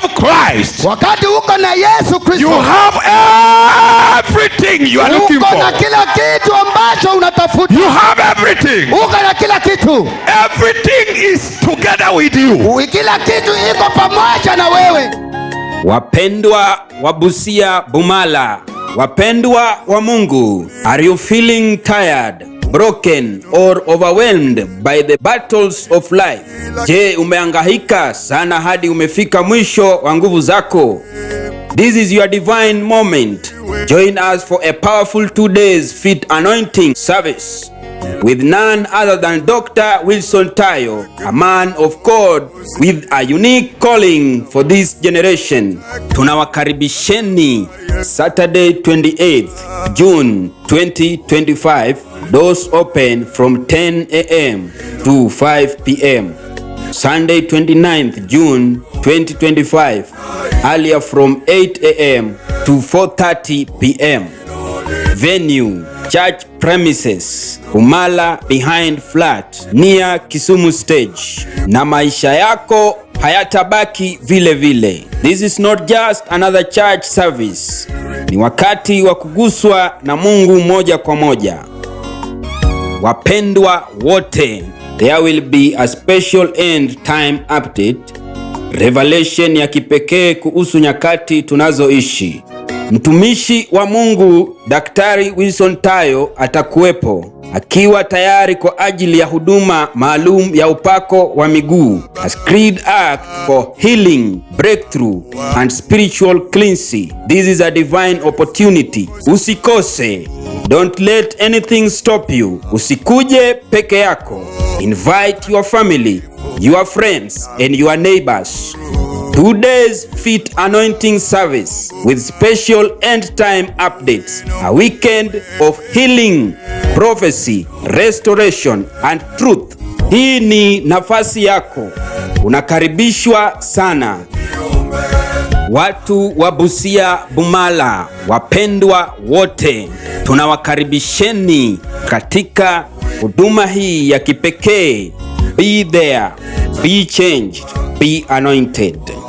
have Christ, wakati uko na Yesu Kristo, you have everything you are looking for. Uko na kila kitu ambacho unatafuta. You have everything. Uko na kila kitu. Everything is together with you. Kila kitu iko pamoja na wewe. Wapendwa wa Busia Bumala, wapendwa wa Mungu, are you feeling tired? broken or overwhelmed by the battles of life. Je, umeangahika sana hadi umefika mwisho wa nguvu zako? This is your divine moment. Join us for a powerful two days fit anointing service with none other than Dr. Wilson Tayo, a man of God with a unique calling for this generation. Tunawakaribisheni Saturday 28th June 2025 Doors open from 10 a.m. to 5 p.m. Sunday 29th June 2025 earlier from 8 a.m. to 4:30 p.m. Venue church premises Umala behind flat near Kisumu stage. Na maisha yako hayatabaki vile vile. This is not just another church service. Ni wakati wa kuguswa na Mungu moja kwa moja. Wapendwa wote, there will be a special end time update, revelation ya kipekee kuhusu nyakati tunazoishi. Mtumishi wa Mungu Daktari Wilson Tayo atakuwepo akiwa tayari kwa ajili ya huduma maalum ya upako wa miguu, a screed act for healing, breakthrough and spiritual cleansing. This is a divine opportunity. Usikose. Don't let anything stop you. Usikuje peke yako. Invite your family, your friends and your neighbors. Two days fit anointing service with special end time updates. A weekend of healing, prophecy, restoration and truth. Hii ni nafasi yako. Unakaribishwa sana. Watu wa Busia Bumala, wapendwa wote, tunawakaribisheni katika huduma hii ya kipekee. Be there, be changed, be anointed.